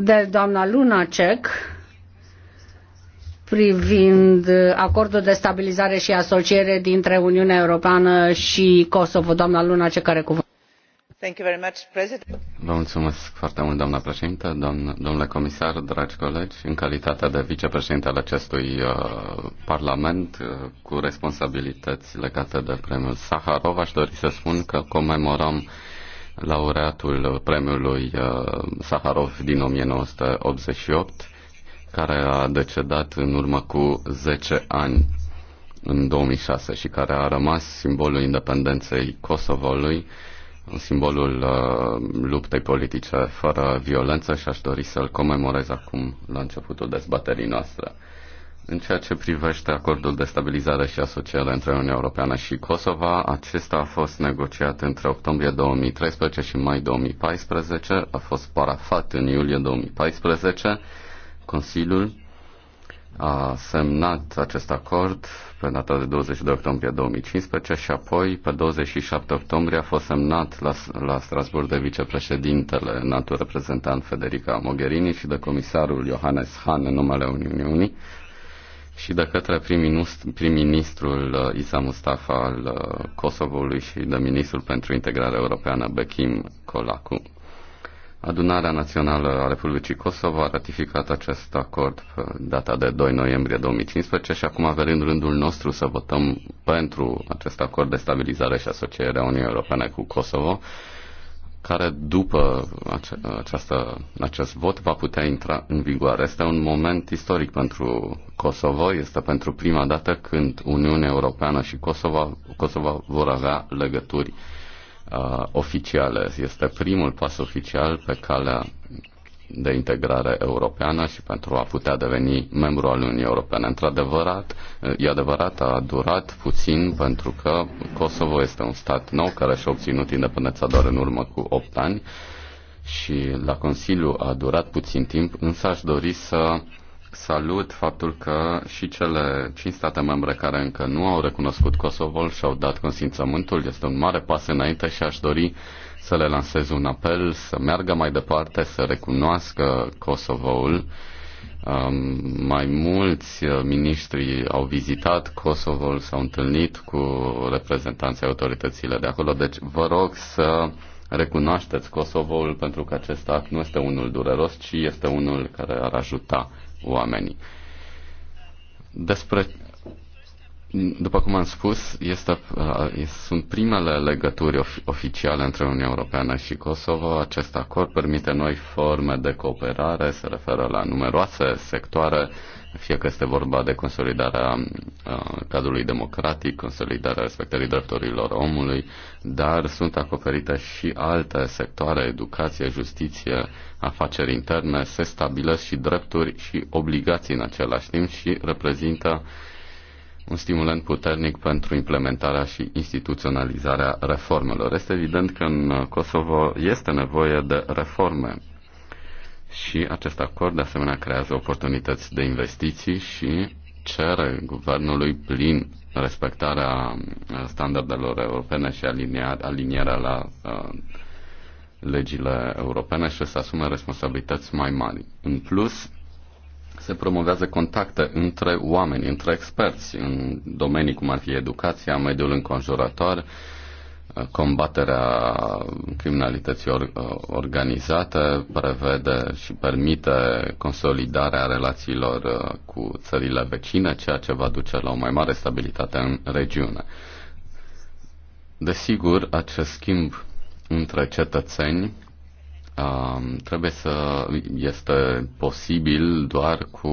de doamna Lunacek privind acordul de stabilizare și asociere dintre Uniunea Europeană și Kosovo. Doamna Lunacek care cuvânt. Vă mulțumesc foarte mult, doamna președintă, doamn, domnule comisar, dragi colegi, în calitate de vicepreședinte al acestui uh, parlament uh, cu responsabilități legate de premiul Saharov, aș dori să spun că comemorăm laureatul premiului uh, Saharov din 1988, care a decedat în urmă cu 10 ani în 2006 și care a rămas simbolul independenței Kosovoului, simbolul uh, luptei politice fără violență și aș dori să-l comemorez acum la începutul dezbaterii noastre. În ceea ce privește acordul de stabilizare și asociere între Uniunea Europeană și Kosova, acesta a fost negociat între octombrie 2013 și mai 2014, a fost parafat în iulie 2014. Consiliul a semnat acest acord pe data de de octombrie 2015 și apoi pe 27 octombrie a fost semnat la, la Strasburg de vicepreședintele NATO, reprezentant Federica Mogherini și de comisarul Johannes Hahn în numele Uniunii și de către prim-ministrul uh, Isa Mustafa al uh, Kosovului și de ministrul pentru integrare europeană Bekim Kolaku. Adunarea Națională a Republicii Kosovo a ratificat acest acord pe data de 2 noiembrie 2015 și acum avem în rândul nostru să votăm pentru acest acord de stabilizare și asociere a Uniunii Europene cu Kosovo care după ace- această, acest vot va putea intra în vigoare. Este un moment istoric pentru Kosovo, este pentru prima dată când Uniunea Europeană și Kosovo, Kosovo vor avea legături uh, oficiale. Este primul pas oficial pe calea de integrare europeană și pentru a putea deveni membru al Uniunii Europene. Într-adevăr, e adevărat, a durat puțin pentru că Kosovo este un stat nou care și-a obținut independența doar în urmă cu 8 ani și la Consiliu a durat puțin timp, însă aș dori să Salut faptul că și cele cinci state membre care încă nu au recunoscut Kosovo și au dat consimțământul. Este un mare pas înainte și aș dori să le lansez un apel să meargă mai departe, să recunoască Kosovoul. Um, mai mulți uh, miniștri au vizitat Kosovo, s-au întâlnit cu reprezentanții autorităților de acolo, deci vă rog să recunoașteți Kosovo pentru că acest act nu este unul dureros, ci este unul care ar ajuta oamenii. Despre, după cum am spus, este, uh, sunt primele legături oficiale între Uniunea Europeană și Kosovo. Acest acord permite noi forme de cooperare, se referă la numeroase sectoare uh, fie că este vorba de consolidarea cadrului democratic, consolidarea respectării drepturilor omului, dar sunt acoperite și alte sectoare, educație, justiție, afaceri interne, se stabilesc și drepturi și obligații în același timp și reprezintă un stimulant puternic pentru implementarea și instituționalizarea reformelor. Este evident că în Kosovo este nevoie de reforme și acest acord de asemenea creează oportunități de investiții și cere guvernului plin respectarea uh, standardelor europene și alinierea la uh, legile europene și să asume responsabilități mai mari. În plus, se promovează contacte între oameni, între experți în domenii cum ar fi educația, mediul înconjurător, combaterea criminalității organizate, prevede și permite consolidarea relațiilor uh, cu țările vecine, ceea ce va duce la o mai mare stabilitate în regiune. Desigur, acest schimb între cetățeni um, trebuie să este posibil doar cu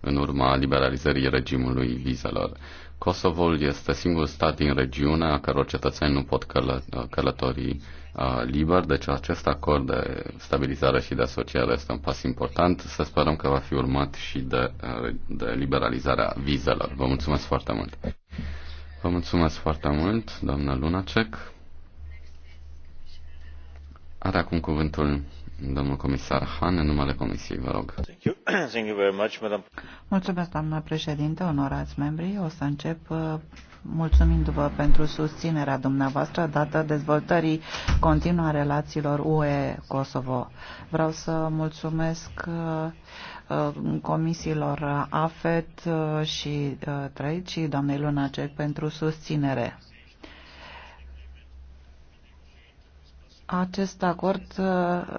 în urma liberalizării regimului vizelor. Kosovo este singurul stat din regiune a căror cetățeni nu pot călă, uh, călători uh, liber, deci acest acord de stabilizare și de asociere este un pas important. Să sperăm că va fi urmat și de, uh, de liberalizarea vizelor. Vă mulțumesc foarte mult! Vă mulțumesc foarte mult, doamna Lunacek. Are acum cuvântul domnul comisar Han în numele Comisiei, vă rog. Thank you. Thank you very much, madam. Mulțumesc, doamnă președinte, onorați membri. O să încep uh, mulțumindu-vă pentru susținerea dumneavoastră dată dezvoltării continuă a relațiilor UE-Kosovo. Vreau să mulțumesc uh, uh, comisiilor AFET și TREIT și doamnei Cec pentru susținere. Acest acord uh,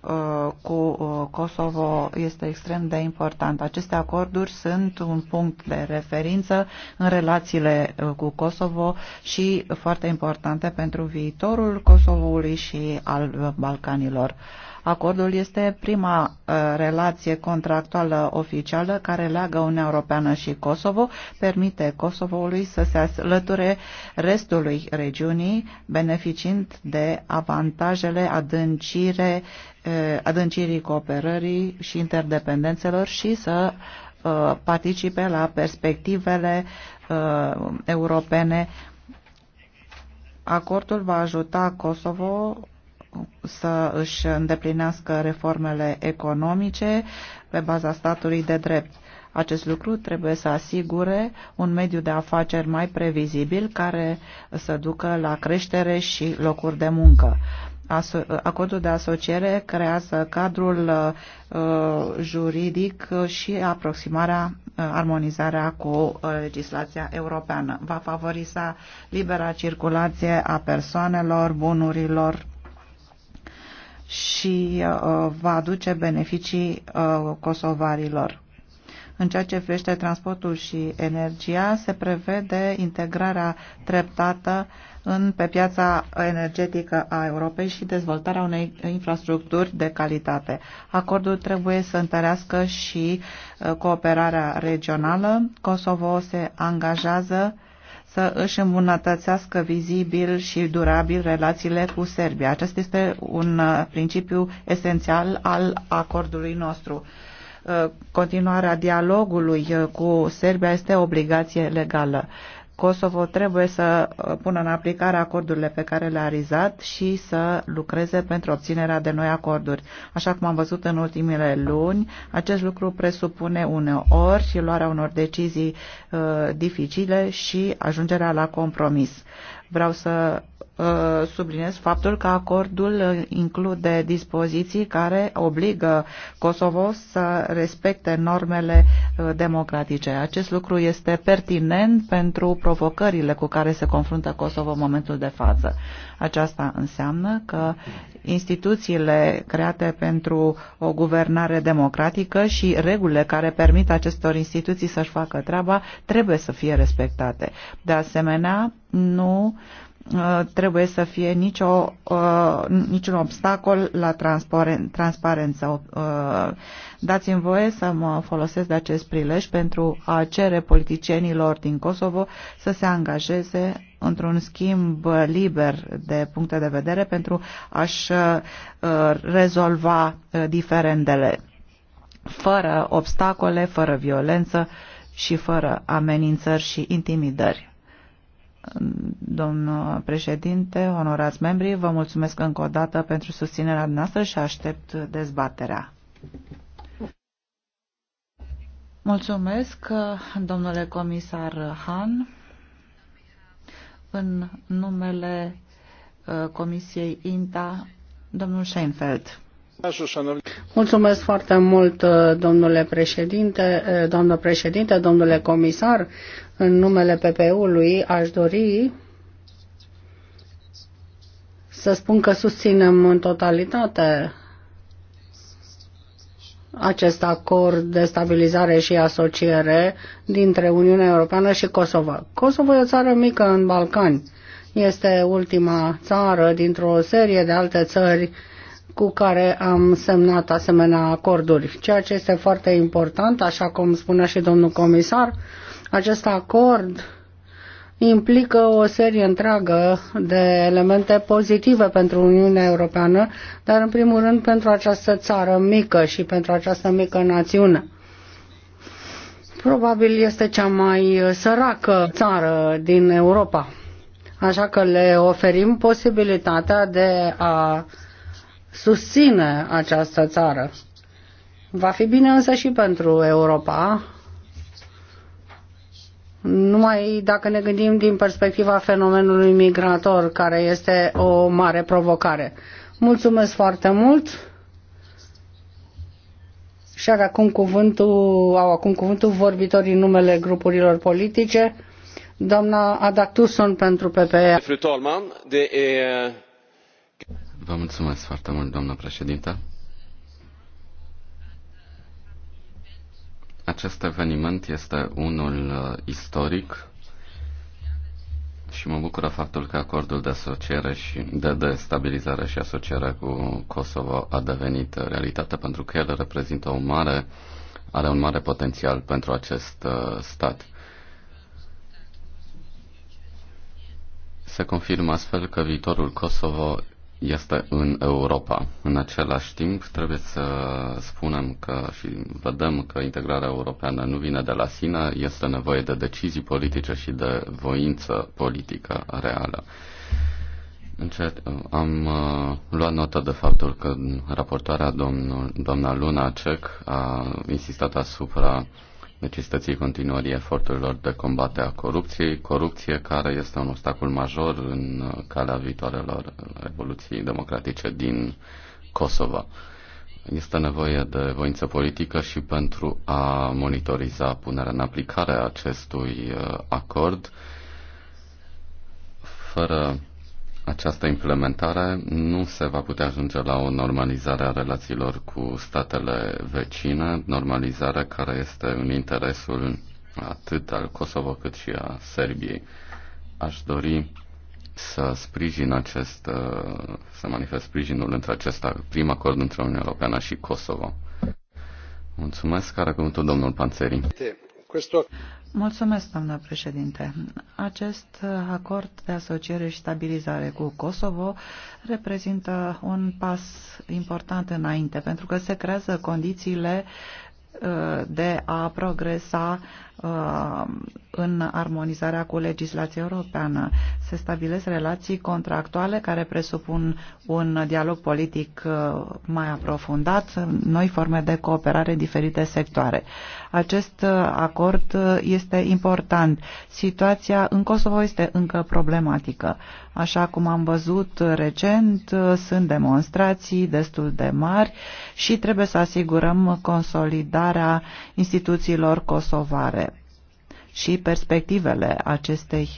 uh, cu uh, Kosovo este extrem de important. Aceste acorduri sunt un punct de referință în relațiile cu Kosovo și foarte importante pentru viitorul Kosovoului și al Balcanilor. Acordul este prima uh, relație contractuală oficială care leagă Uniunea Europeană și Kosovo, permite Kosovoului să se alăture restului regiunii, beneficiind de avantajele adâncire, uh, adâncirii cooperării și interdependențelor și să uh, participe la perspectivele europene. Acordul va ajuta Kosovo să își îndeplinească reformele economice pe baza statului de drept. Acest lucru trebuie să asigure un mediu de afaceri mai previzibil care să ducă la creștere și locuri de muncă. Acordul de asociere creează cadrul uh, juridic și aproximarea, uh, armonizarea cu uh, legislația europeană. Va favoriza libera circulație a persoanelor, bunurilor și uh, va aduce beneficii uh, kosovarilor. În ceea ce privește transportul și energia, se prevede integrarea treptată în, pe piața energetică a Europei și dezvoltarea unei infrastructuri de calitate. Acordul trebuie să întărească și uh, cooperarea regională. Kosovo se angajează să își îmbunătățească vizibil și durabil relațiile cu Serbia. Acest este un uh, principiu esențial al acordului nostru. Uh, continuarea dialogului uh, cu Serbia este o obligație legală. Kosovo trebuie să uh, pună în aplicare acordurile pe care le-a rizat și să lucreze pentru obținerea de noi acorduri. Așa cum am văzut în ultimile luni, acest lucru presupune uneori și luarea unor decizii uh, dificile și ajungerea la compromis. Uh, Vreau să uh, subliniez faptul că acordul uh, include dispoziții care obligă Kosovo să respecte normele uh, democratice. Acest lucru este pertinent pentru provocările cu care se confruntă Kosovo în momentul de față. Aceasta înseamnă că instituțiile create pentru o guvernare democratică și regulile care permit acestor instituții să-și facă treaba trebuie să fie respectate. De asemenea, nu uh, Uh, trebuie să fie nicio, uh, niciun obstacol la transparență. Uh, dați-mi voie să mă folosesc de acest prilej pentru a cere politicienilor din Kosovo să se angajeze într-un schimb liber de puncte de vedere pentru a-și rezolva diferendele fără obstacole, fără violență și fără amenințări și intimidări. Domnul președinte, onorați membri, vă mulțumesc încă o dată pentru susținerea noastră și aștept dezbaterea. Mulțumesc, domnule comisar Han. În numele uh, Comisiei INTA, domnul Scheinfeld. Mulțumesc foarte mult, uh, domnule președinte, uh, doamnă președinte, domnule comisar. În numele PPU-ului aș dori să spun că susținem în totalitate acest acord de stabilizare și asociere dintre Uniunea Europeană și Kosovo. Kosovo e o țară mică în Balcani. Este ultima țară dintr-o serie de alte țări cu care am semnat asemenea acorduri, ceea ce este foarte important, așa cum spunea și domnul comisar, acest acord implică o serie întreagă de elemente pozitive pentru Uniunea Europeană, dar în primul rând pentru această țară mică și pentru această mică națiune. Probabil este cea mai săracă țară din Europa, așa că le oferim posibilitatea de a susține această țară. Va fi bine însă și pentru Europa numai dacă ne gândim din perspectiva fenomenului migrator, care este o mare provocare. Mulțumesc foarte mult! Și are acum cuvântul, au acum cuvântul vorbitorii numele grupurilor politice. Doamna Adactuson pentru PPE. de Vă mulțumesc foarte mult, doamna președintă. Acest eveniment este unul uh, istoric și mă bucură faptul că acordul de asociere și de, de stabilizare și asociere cu Kosovo a devenit realitate pentru că el reprezintă o mare, are un mare potențial pentru acest uh, stat. Se confirmă astfel că viitorul Kosovo este în Europa. În același timp, trebuie să spunem că și vedem că integrarea europeană nu vine de la sine, este nevoie de decizii politice și de voință politică reală. Încet, am uh, luat notă de faptul că raportoarea domnul, doamna Luna Cec a insistat asupra necesității continuării eforturilor de combate a corupției, corupție care este un obstacol major în calea viitoarelor evoluției democratice din Kosovo. Este nevoie de voință politică și pentru a monitoriza punerea în aplicare a acestui uh, acord, fără această implementare nu se va putea ajunge la o normalizare a relațiilor cu statele vecine, normalizare care este în interesul atât al Kosovo cât și a Serbiei. Aș dori să sprijin acest, uh, să manifest sprijinul între acesta, prim acord între Uniunea Europeană și Kosovo. Mulțumesc, care cuvântul domnul Panțeri. Questo... Mulțumesc, doamnă președinte. Acest acord de asociere și stabilizare cu Kosovo reprezintă un pas important înainte, pentru că se creează condițiile uh, de a progresa uh, în armonizarea cu legislația europeană. Se stabilesc relații contractuale care presupun un dialog politic uh, mai aprofundat, noi forme de cooperare în diferite sectoare. Acest uh, acord uh, este important. Situația în Kosovo este încă problematică. Așa cum am văzut recent, uh, sunt demonstrații destul de mari și trebuie să asigurăm consolidarea instituțiilor kosovare și perspectivele acestei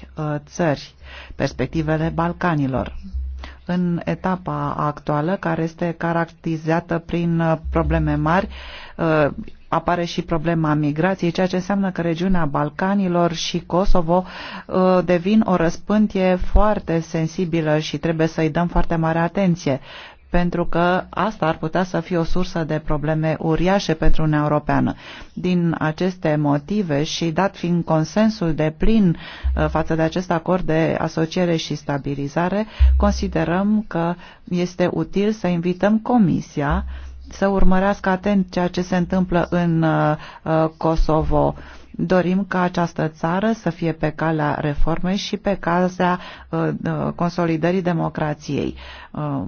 țări, perspectivele Balcanilor. În etapa actuală, care este caracterizată prin probleme mari, apare și problema migrației, ceea ce înseamnă că regiunea Balcanilor și Kosovo uh, devin o răspântie foarte sensibilă și trebuie să-i dăm foarte mare atenție pentru că asta ar putea să fie o sursă de probleme uriașe pentru Uniunea Europeană. Din aceste motive și dat fiind consensul de plin uh, față de acest acord de asociere și stabilizare, considerăm că este util să invităm Comisia să urmărească atent ceea ce se întâmplă în uh, uh, Kosovo. Dorim ca această țară să fie pe calea reformei și pe calea uh, consolidării democrației.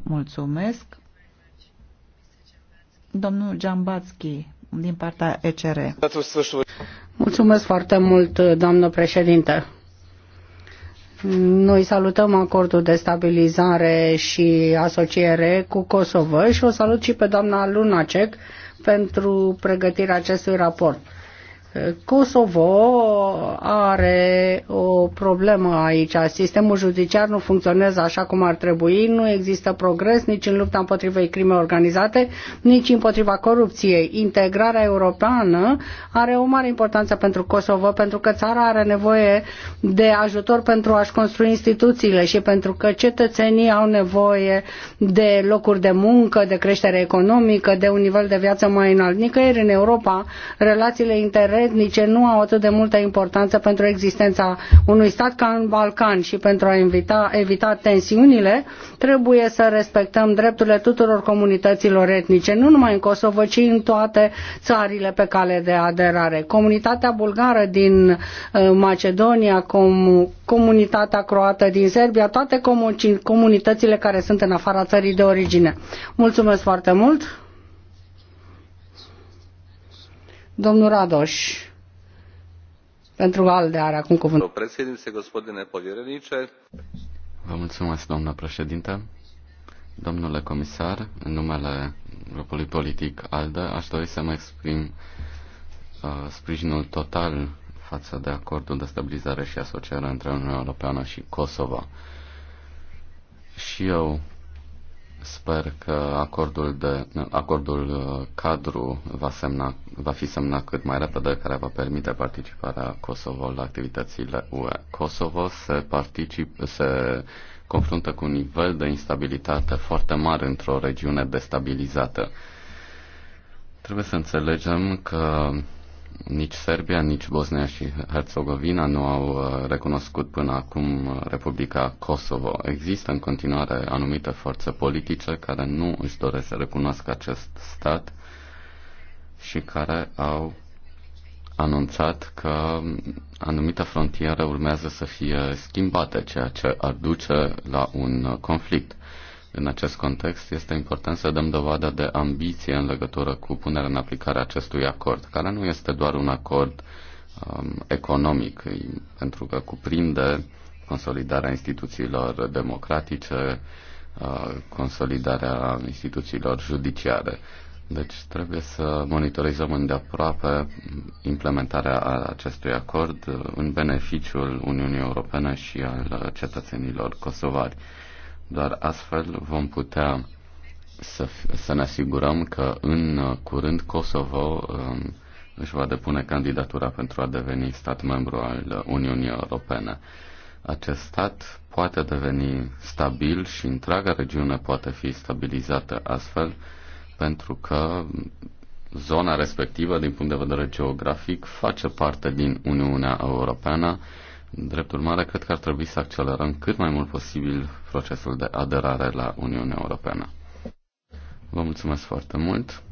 Mulțumesc. Domnul Giambatski, din partea ECR. Mulțumesc foarte mult, doamnă președinte. Noi salutăm acordul de stabilizare și asociere cu Kosovo și o salut și pe doamna Lunacek pentru pregătirea acestui raport. Kosovo are o problemă aici. Sistemul judiciar nu funcționează așa cum ar trebui, nu există progres nici în lupta împotriva crimei organizate, nici împotriva corupției. Integrarea europeană are o mare importanță pentru Kosovo, pentru că țara are nevoie de ajutor pentru a-și construi instituțiile și pentru că cetățenii au nevoie de locuri de muncă, de creștere economică, de un nivel de viață mai înalt. Nicăieri în Europa, relațiile inter etnice nu au atât de multă importanță pentru existența unui stat ca în Balcan și pentru a evita, evita tensiunile, trebuie să respectăm drepturile tuturor comunităților etnice, nu numai în Kosovo, ci în toate țările pe cale de aderare. Comunitatea bulgară din uh, Macedonia, com, comunitatea croată din Serbia, toate comunitățile care sunt în afara țării de origine. Mulțumesc foarte mult! Domnul Radoș, pentru ALDE are acum cuvântul. Președinte, gospodine povierenice. Vă mulțumesc, doamna președinte. Domnule comisar, în numele grupului politic ALDE, aș dori să mă exprim uh, sprijinul total față de acordul de stabilizare și asociere între Uniunea Europeană și Kosovo. Și eu Sper că acordul, de, acordul uh, cadru va, semna, va fi semnat cât mai repede, care va permite participarea Kosovo la activitățile UE. Kosovo se, particip, se confruntă cu un nivel de instabilitate foarte mare într-o regiune destabilizată. Trebuie să înțelegem că nici Serbia, nici Bosnia și Herzegovina nu au uh, recunoscut până acum uh, Republica Kosovo. Există în continuare anumite forțe politice care nu își doresc să recunoască acest stat și care au anunțat că anumite frontiere urmează să fie schimbate, ceea ce ar duce la un uh, conflict. În acest context, este important să dăm dovadă de ambiție în legătură cu punerea în aplicare a acestui acord, care nu este doar un acord um, economic, pentru că cuprinde consolidarea instituțiilor democratice, uh, consolidarea instituțiilor judiciare. Deci trebuie să monitorizăm îndeaproape implementarea acestui acord uh, în beneficiul Uniunii Europene și al uh, cetățenilor kosovari. Doar astfel vom putea să, să ne asigurăm că în curând Kosovo um, își va depune candidatura pentru a deveni stat membru al Uniunii Europene. Acest stat poate deveni stabil și întreaga regiune poate fi stabilizată astfel pentru că zona respectivă, din punct de vedere geografic, face parte din Uniunea Europeană Drept urmare, cred că ar trebui să accelerăm cât mai mult posibil procesul de aderare la Uniunea Europeană. Vă mulțumesc foarte mult.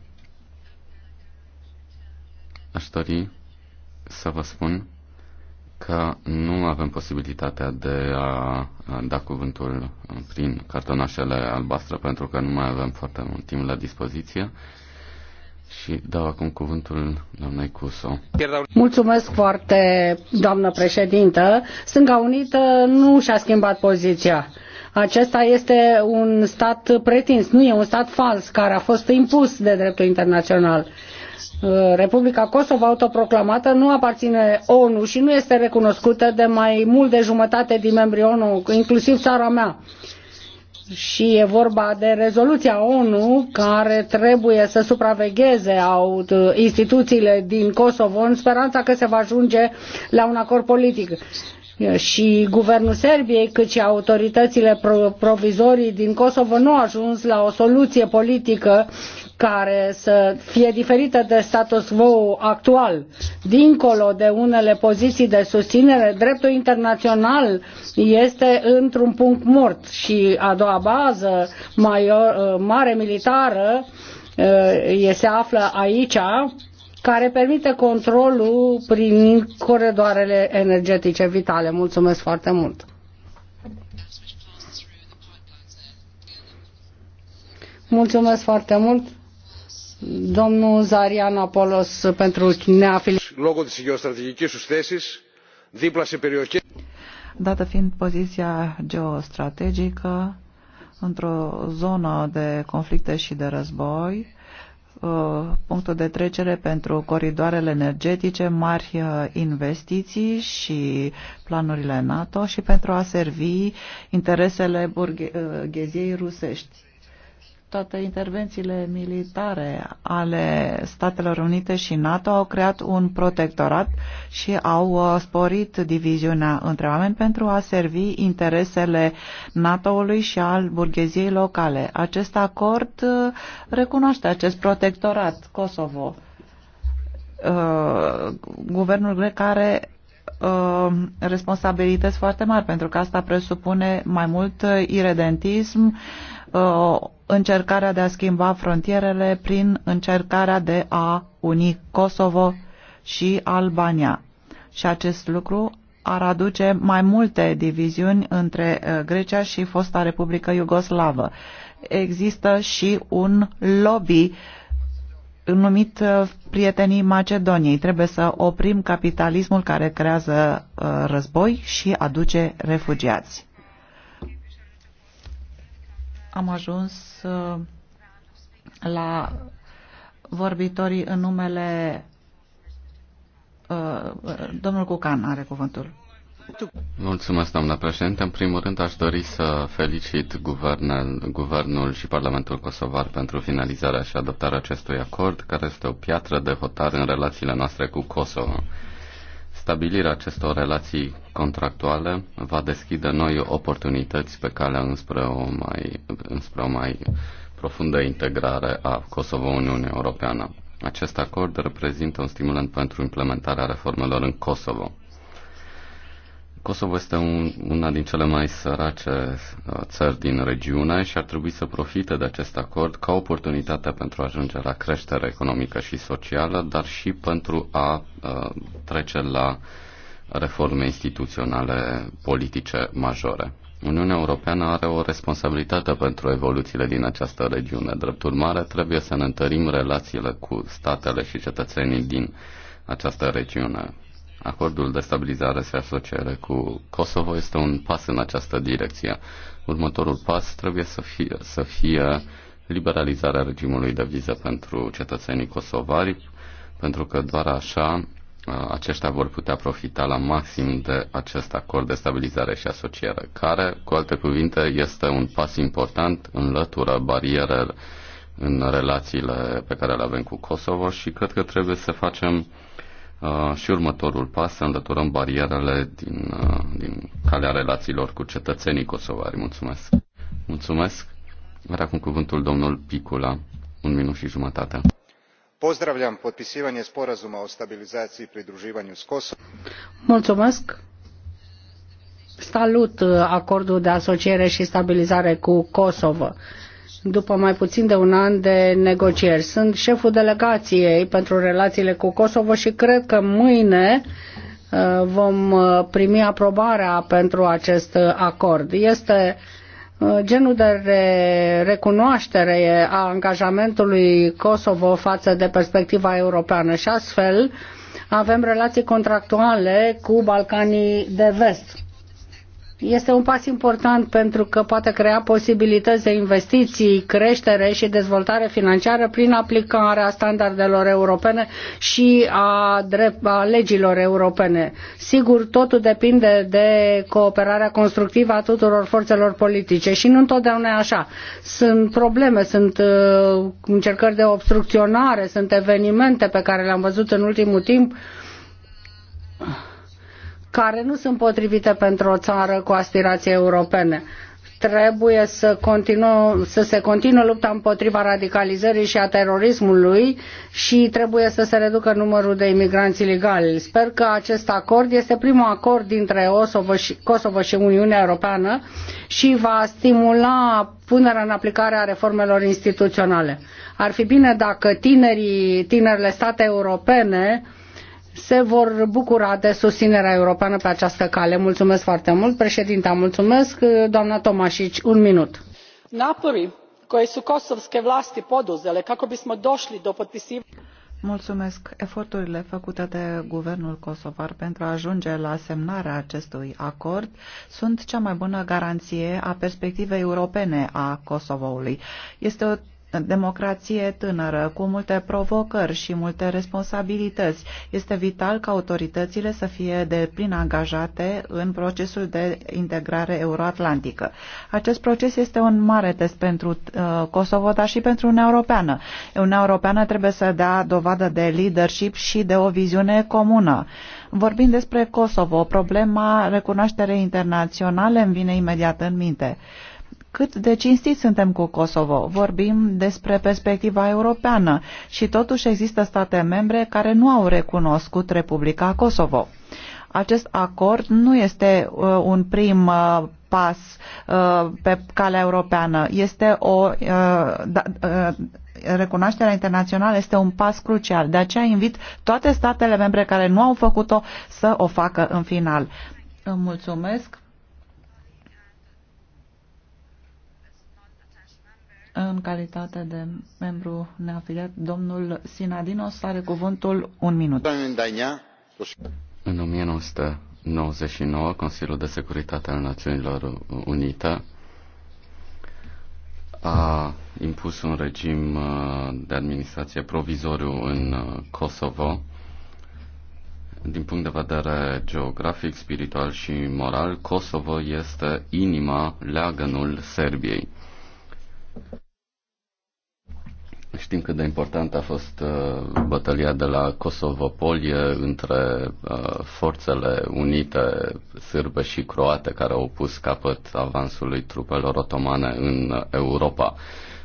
Aș dori să vă spun că nu avem posibilitatea de a da cuvântul prin cartonașele albastre pentru că nu mai avem foarte mult timp la dispoziție și dau acum cuvântul doamnei Cuso. Mulțumesc foarte, doamnă președintă. Stânga Unită nu și-a schimbat poziția. Acesta este un stat pretins, nu e un stat fals, care a fost impus de dreptul internațional. Republica Kosovo autoproclamată nu aparține ONU și nu este recunoscută de mai mult de jumătate din membrii ONU, inclusiv țara mea și e vorba de rezoluția ONU care trebuie să supravegheze instituțiile din Kosovo în speranța că se va ajunge la un acord politic și guvernul Serbiei, cât și autoritățile provizorii din Kosovo nu au ajuns la o soluție politică care să fie diferită de status quo actual. Dincolo de unele poziții de susținere, dreptul internațional este într-un punct mort și a doua bază major, uh, mare militară uh, se află aici, care permite controlul prin coridoarele energetice vitale. Mulțumesc foarte mult! Mulțumesc foarte mult! Domnul Zarian Apolos pentru neafiliat. Logo de geostrategice sus thesis, dipla se perioche. Dată fiind poziția geostrategică, într-o zonă de conflicte și de război, uh, punctul de trecere pentru coridoarele energetice, mari uh, investiții și planurile NATO și pentru a servi interesele burgheziei uh, rusești toate intervențiile militare ale Statelor Unite și NATO au creat un protectorat și au uh, sporit diviziunea între oameni pentru a servi interesele NATO-ului și al burgheziei locale. Acest acord uh, recunoaște acest protectorat Kosovo. Uh, guvernul grec care responsabilități foarte mari, pentru că asta presupune mai mult iredentism, uh, Uh, încercarea de a schimba frontierele prin încercarea de a uni Kosovo și Albania. Și acest lucru ar aduce mai multe diviziuni între uh, Grecia și fosta Republică Iugoslavă. Există și un lobby numit uh, prietenii Macedoniei. Trebuie să oprim capitalismul care creează război și aduce refugiați am ajuns uh, la vorbitorii în numele uh, uh, domnul Cucan are cuvântul. Mulțumesc, doamna președinte. În primul rând, aș dori să felicit guvernul, guvernul și Parlamentul Kosovar pentru finalizarea și adoptarea acestui acord, care este o piatră de hotar în relațiile noastre cu Kosovo. Stabilirea acestor relații contractuale va deschide noi oportunități pe calea înspre o mai, înspre o mai profundă integrare a Kosovo în Uniunea Europeană. Acest acord reprezintă un stimulant pentru implementarea reformelor în Kosovo. Kosovo este un, una din cele mai sărace uh, țări din regiune și ar trebui să profite de acest acord ca oportunitate pentru a ajunge la creștere economică și socială, dar și pentru a uh, trece la reforme instituționale politice majore. Uniunea Europeană are o responsabilitate pentru evoluțiile din această regiune. Drept urmare, trebuie să ne întărim relațiile cu statele și cetățenii din această regiune Acordul de stabilizare și asociere cu Kosovo este un pas în această direcție. Următorul pas trebuie să fie, să fie liberalizarea regimului de viză pentru cetățenii kosovari, pentru că doar așa aceștia vor putea profita la maxim de acest acord de stabilizare și asociere, care, cu alte cuvinte, este un pas important, în lătură barierelor în relațiile pe care le avem cu Kosovo și cred că trebuie să facem Uh, și următorul pas să înlăturăm barierele din, uh, din calea relațiilor cu cetățenii kosovari. Mulțumesc! Mulțumesc! Vă acum cuvântul domnul Picula. Un minut și jumătate pozdravljam potpisivanje sporazuma o stabilizaciji i pridruživanju s Mulțumesc. salut uh, acordul de asociere și stabilizare cu kosovo după mai puțin de un an de negocieri. Sunt șeful delegației pentru relațiile cu Kosovo și cred că mâine uh, vom uh, primi aprobarea pentru acest uh, acord. Este genul de recunoaștere a angajamentului Kosovo față de perspectiva europeană și astfel avem relații contractuale cu Balcanii de Vest este un pas important pentru că poate crea posibilități de investiții, creștere și dezvoltare financiară prin aplicarea standardelor europene și a, drept, a legilor europene. Sigur, totul depinde de cooperarea constructivă a tuturor forțelor politice și nu întotdeauna e așa. Sunt probleme, sunt uh, încercări de obstrucționare, sunt evenimente pe care le-am văzut în ultimul timp care nu sunt potrivite pentru o țară cu aspirații europene. Trebuie să, continuă, să se continue lupta împotriva radicalizării și a terorismului și trebuie să se reducă numărul de imigranți ilegali. Sper că acest acord este primul acord dintre Kosovo și, Kosovo și Uniunea Europeană și va stimula punerea în aplicare a reformelor instituționale. Ar fi bine dacă tinerii, tinerile state europene se vor bucura de susținerea europeană pe această cale. Mulțumesc foarte mult, președinta, mulțumesc. Doamna Tomașici, un minut. Napuri koje su kosovske vlasti poduzele kako bismo došli do potpisivanja Mulțumesc. Eforturile făcute de guvernul kosovar pentru a ajunge la semnarea acestui acord sunt cea mai bună garanție a perspectivei europene a Kosovoului. Este o democrație tânără, cu multe provocări și multe responsabilități. Este vital ca autoritățile să fie de plin angajate în procesul de integrare euroatlantică. Acest proces este un mare test pentru uh, Kosovo, dar și pentru Uniunea Europeană. Uniunea Europeană trebuie să dea dovadă de leadership și de o viziune comună. Vorbind despre Kosovo, problema recunoașterei internaționale îmi vine imediat în minte cât de cinstiți suntem cu Kosovo. Vorbim despre perspectiva europeană și totuși există state membre care nu au recunoscut Republica Kosovo. Acest acord nu este uh, un prim uh, pas uh, pe calea europeană. Este o uh, da, uh, recunoașterea internațională este un pas crucial. De aceea invit toate statele membre care nu au făcut-o să o facă în final. Îmi mulțumesc. în calitate de membru neafiliat, domnul Sinadinos are cuvântul un minut. În 1999, Consiliul de Securitate al Națiunilor Unite a impus un regim uh, de administrație provizoriu în uh, Kosovo, din punct de vedere geografic, spiritual și moral, Kosovo este inima, leagănul Serbiei. Știm cât de importantă a fost uh, bătălia de la Kosovo-Polie între uh, forțele unite sârbe și croate care au pus capăt avansului trupelor otomane în Europa.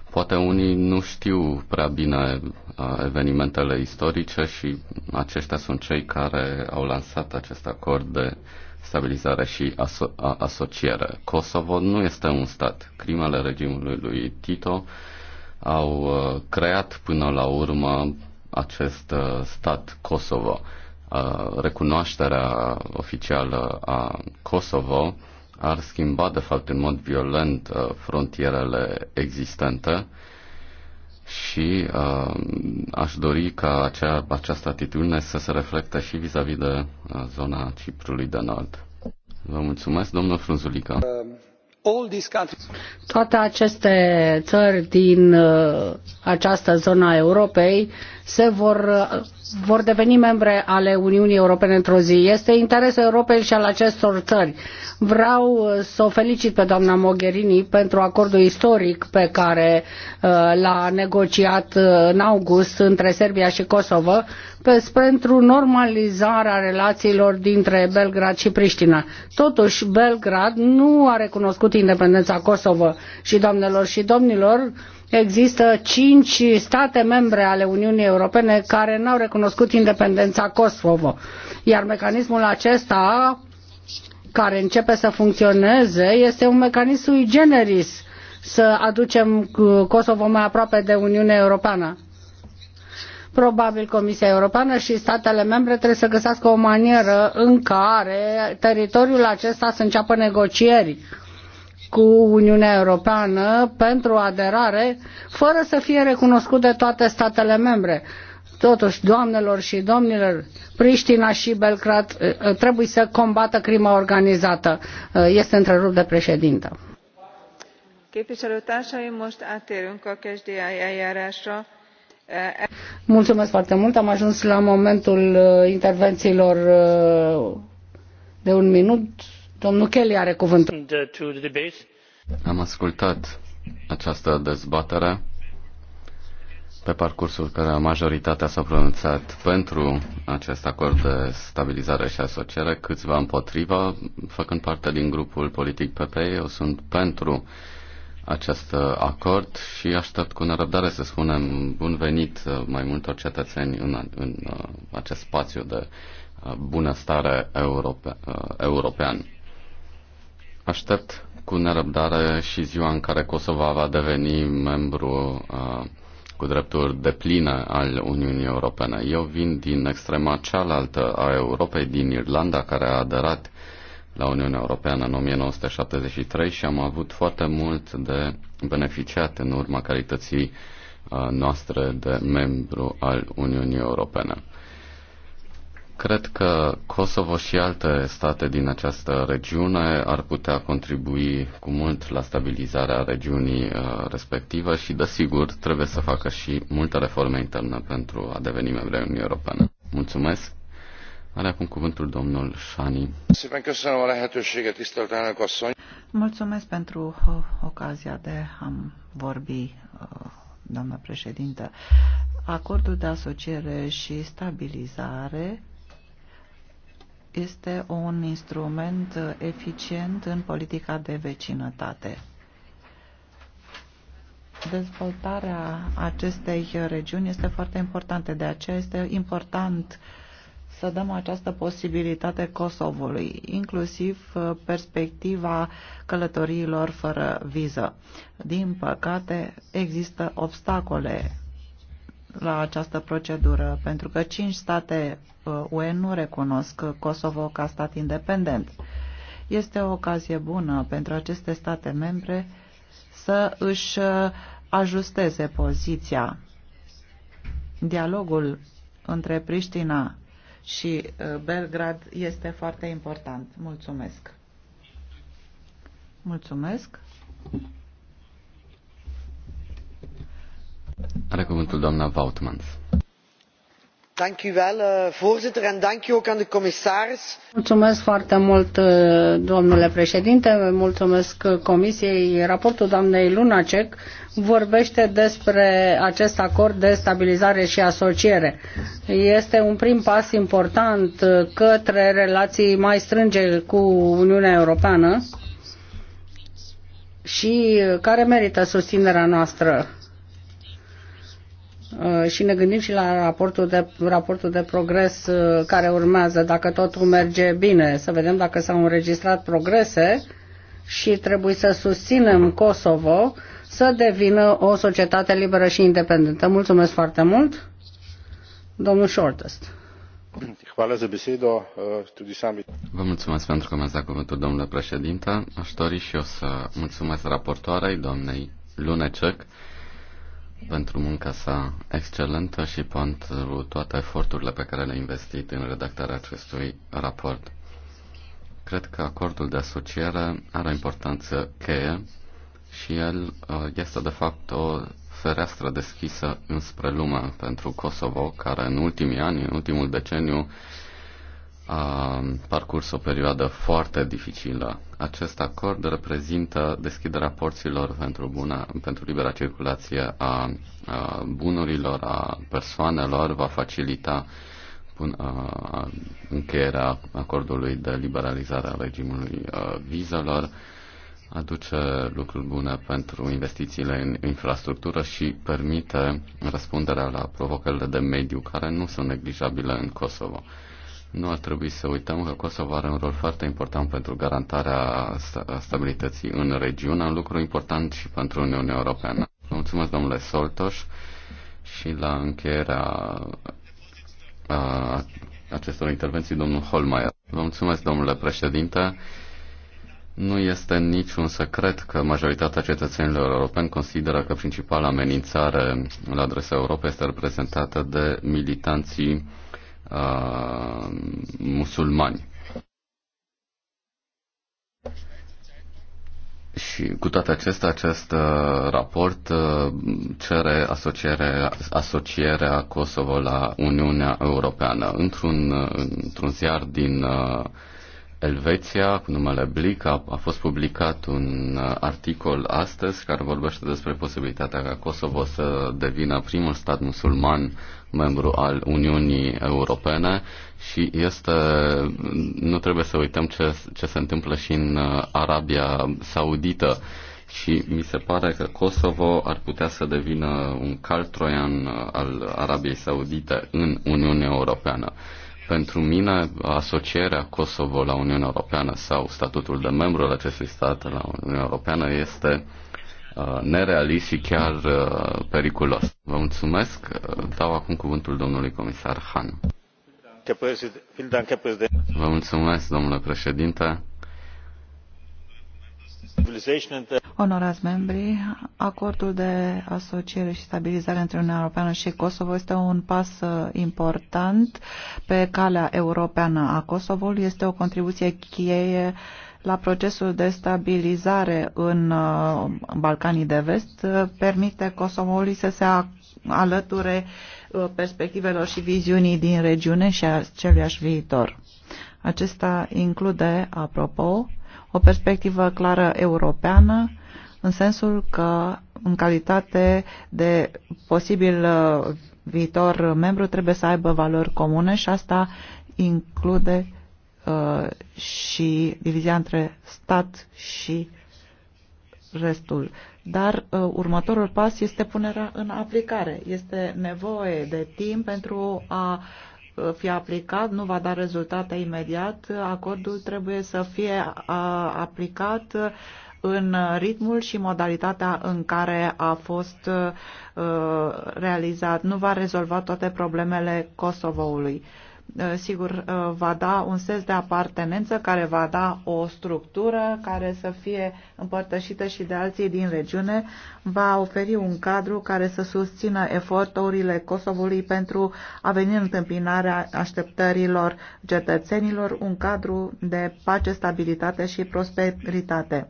Poate unii nu știu prea bine uh, evenimentele istorice și aceștia sunt cei care au lansat acest acord de stabilizare și aso- asociere. Kosovo nu este un stat. Crimele regimului lui Tito au uh, creat până la urmă acest uh, stat Kosovo. Uh, recunoașterea oficială a Kosovo ar schimba, de fapt, în mod violent frontierele existente și uh, aș dori ca acea, această atitudine să se reflecte și vis-a-vis -vis de uh, zona Ciprului de Nord. Vă mulțumesc, domnul Frunzulica. Uh. Toate aceste țări din uh, această zonă a Europei se vor, uh, vor deveni membre ale Uniunii Europene într-o zi. Este interesul Europei și al acestor țări. Vreau uh, să o felicit pe doamna Mogherini pentru acordul istoric pe care l-a negociat în august între Serbia și Kosovo pentru normalizarea relațiilor dintre Belgrad și Priștina. Totuși, Belgrad nu a recunoscut independența Kosovo și, doamnelor și domnilor, există cinci state membre ale Uniunii Europene care n-au recunoscut independența Kosovo. Iar mecanismul acesta, care începe să funcționeze, este un mecanism sui generis să aducem Kosovo mai aproape de Uniunea Europeană Probabil Comisia Europeană și statele membre trebuie să găsească o manieră în care teritoriul acesta să înceapă negocieri cu Uniunea Europeană pentru aderare, fără să fie recunoscut de toate statele membre. Totuși, doamnelor și domnilor, Priștina și Belgrad eh, eh, trebuie să combată crima organizată. Eh, este întrerupt de președintă. Mulțumesc foarte mult. Am ajuns la momentul uh, intervențiilor uh, de un minut. Domnul Kelly are cuvântul. Am ascultat această dezbatere pe parcursul care majoritatea s-a pronunțat pentru acest acord de stabilizare și asociere, câțiva împotriva, făcând parte din grupul politic PP, eu sunt pentru uh, acest uh, acord și aștept cu nerăbdare să spunem bun venit uh, mai multor cetățeni în, în uh, acest spațiu de bunăstare europe, european. Aștept cu nerăbdare și ziua în care Kosova va deveni membru cu drepturi de plină al Uniunii Europene. Eu vin din extrema cealaltă a Europei, din Irlanda, care a aderat uh, la Uniunea Europeană în 1973 și am avut foarte mult de beneficiat în urma calității uh, noastre de membru al Uniunii Europene. Cred că Kosovo și alte state din această regiune ar putea contribui cu mult la stabilizarea regiunii uh, respective și, desigur, trebuie să facă și multe reforme interne pentru a deveni membru Uniunii Europene. Mulțumesc! Are acum cuvântul domnul Șani. Mulțumesc pentru uh, ocazia de a vorbi, uh, doamnă președintă. Acordul de asociere și stabilizare este un instrument eficient în politica de vecinătate. Dezvoltarea acestei regiuni este foarte importantă, de aceea este important uh, să dăm această posibilitate Kosovului, inclusiv uh, perspectiva călătoriilor fără viză. Din păcate, există obstacole la această procedură, pentru că cinci state UE uh, nu recunosc Kosovo ca stat independent. Este o ocazie bună pentru aceste state membre să își uh, ajusteze poziția. Dialogul între Priștina și uh, Belgrad este foarte important. Mulțumesc! Mulțumesc! Are cuvântul doamna Vautmans. Eh, voorzitter, en dank u ook aan de commissaris. Mulțumesc foarte mult, eh, domnule președinte, mulțumesc eh, Comisiei. Raportul doamnei Lunacek vorbește despre acest acord de stabilizare și asociere. Este un prim pas important către relații mai strânge cu Uniunea Europeană și care merită susținerea noastră. Uh, și ne gândim și la raportul de, raportul de progres uh, care urmează, dacă totul merge bine, să vedem dacă s-au înregistrat progrese și trebuie să susținem Kosovo să devină o societate liberă și independentă. Mulțumesc foarte mult, domnul Shortest. Eh, Vă mulțumesc pentru că mi-ați dat cuvântul, domnule președinte. Aș dori și eu să mulțumesc raportoarei, doamnei Lunecek, pentru munca sa excelentă și pentru toate eforturile pe care le-a investit în redactarea acestui raport. Cred că acordul de asociere are o importanță cheie și el uh, este de fapt o fereastră deschisă înspre lume pentru Kosovo, care în ultimii ani, în ultimul deceniu, a parcurs o perioadă foarte dificilă. Acest acord reprezintă deschiderea porților pentru, bună, pentru libera circulație a, a bunurilor, a persoanelor, va facilita pun, a, a, încheierea acordului de liberalizare a regimului a, vizelor aduce lucruri bune pentru investițiile în infrastructură și permite răspunderea la provocările de mediu, care nu sunt neglijabile în Kosovo. Nu ar trebui să uităm că Kosovo are un rol foarte important pentru garantarea stabilității în regiune, un lucru important și pentru Uniunea Europeană. Vă mulțumesc, domnule Soltoș, și la încheierea acestor intervenții, domnul Holmeier. Vă mulțumesc, domnule președinte. Nu este niciun secret că majoritatea cetățenilor europeni consideră că principala amenințare la adresa Europei este reprezentată de militanții uh, musulmani. Și cu toate acestea, acest uh, raport uh, cere asociere, asocierea Kosovo la Uniunea Europeană. Într-un, uh, într-un ziar din uh, Elveția, cu numele Blic, a, a fost publicat un uh, articol astăzi care vorbește despre posibilitatea ca Kosovo să devină primul stat musulman membru al Uniunii Europene și este, nu trebuie să uităm ce, ce se întâmplă și în uh, Arabia Saudită și mi se pare că Kosovo ar putea să devină un cal troian uh, al Arabiei Saudite în Uniunea Europeană. Pentru mine, asocierea Kosovo la Uniunea Europeană sau statutul de membru al acestui stat la Uniunea Europeană este uh, nerealist și chiar uh, periculos. Vă mulțumesc. Dau acum cuvântul domnului comisar Han. Vă mulțumesc, domnule președinte. Onorați membri, acordul de asociere și stabilizare între Uniunea Europeană și Kosovo este un pas uh, important pe calea europeană a Kosovo. Este o contribuție cheie la procesul de stabilizare în uh, Balcanii de Vest, permite Kosovoului să se alăture uh, perspectivelor și viziunii din regiune și a celuiași viitor. Acesta include, apropo, o perspectivă clară europeană, în sensul că, în calitate de posibil uh, viitor membru, trebuie să aibă valori comune și asta include uh, și divizia între stat și restul. Dar uh, următorul pas este punerea în aplicare. Este nevoie de timp pentru a uh, Uh, fi aplicat, nu va da rezultate imediat, acordul trebuie să fie uh, aplicat în ritmul și modalitatea în care a fost uh, realizat. Nu va rezolva toate problemele Kosovoului. Uh, sigur, uh, va da un sens de apartenență care va da o structură care să fie împărtășită și de alții din regiune, va oferi un cadru care să susțină eforturile Kosovului pentru a veni în întâmpinarea așteptărilor cetățenilor, un cadru de pace, stabilitate și prosperitate.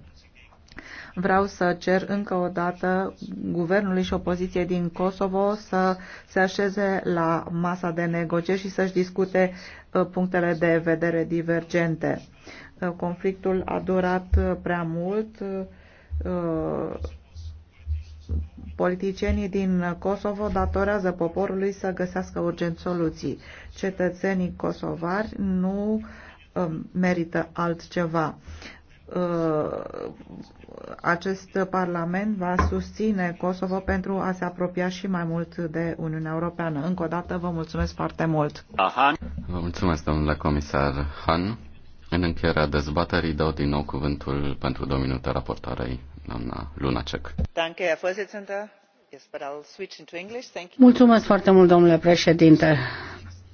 Vreau să cer încă o dată guvernului și opoziției din Kosovo să se așeze la masa de negocieri și să-și discute uh, punctele de vedere divergente. Uh, conflictul a durat uh, prea mult politicienii din Kosovo datorează poporului să găsească urgent soluții. Cetățenii kosovari nu um, merită altceva. Uh, acest Parlament va susține Kosovo pentru a se apropia și mai mult de Uniunea Europeană. Încă o dată vă mulțumesc foarte mult. Aha. Vă mulțumesc, domnule comisar Han. În încheierea dezbaterii dau din nou cuvântul pentru două minute raportarei, doamna Lunacek. Mulțumesc foarte mult, domnule președinte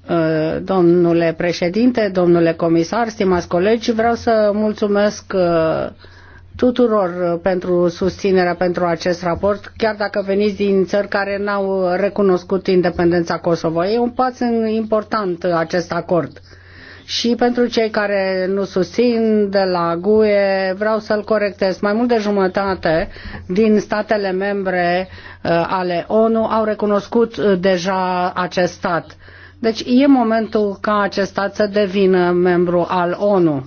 Uh, domnule președinte, domnule comisar, stimați colegi, vreau să mulțumesc uh, tuturor uh, pentru susținerea pentru acest raport, chiar dacă veniți din țări care n-au recunoscut independența Kosovo. E un pas important acest acord. Și pentru cei care nu susțin de la GUE, vreau să-l corectez. Mai mult de jumătate din statele membre ale ONU au recunoscut deja acest stat deci e momentul ca acest stat să devină membru al ONU.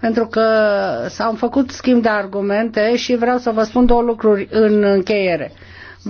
Pentru că s-au făcut schimb de argumente și vreau să vă spun două lucruri în încheiere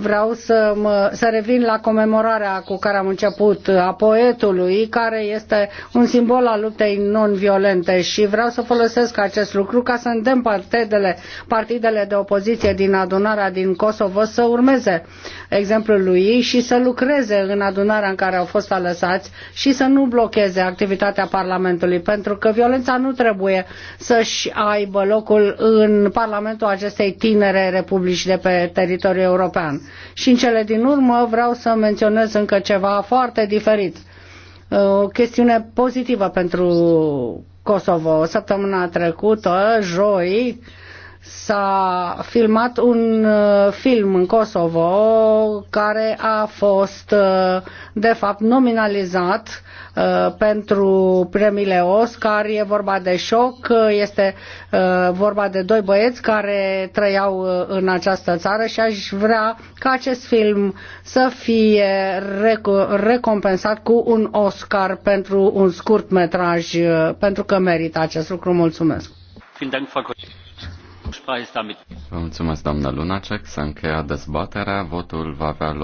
vreau să, mă, să revin la comemorarea cu care am început a poetului, care este un simbol al luptei non-violente și vreau să folosesc acest lucru ca să îndemn partidele, partidele de opoziție din adunarea din Kosovo să urmeze exemplul lui și să lucreze în adunarea în care au fost alăsați și să nu blocheze activitatea Parlamentului, pentru că violența nu trebuie să-și aibă locul în Parlamentul acestei tinere republici de pe teritoriul european. Și în cele din urmă vreau să menționez încă ceva foarte diferit. O chestiune pozitivă pentru Kosovo. Săptămâna trecută, joi, s-a filmat un uh, film în Kosovo care a fost, uh, de fapt, nominalizat Uh, pentru premiile Oscar. E vorba de șoc, uh, este uh, vorba de doi băieți care trăiau în această țară și aș vrea ca acest film să fie recompensat cu un Oscar pentru un scurt metraj, pentru că merită acest lucru. Mulțumesc! Vă mulțumesc, doamna Lunacek. S-a încheiat dezbaterea. Votul va avea loc.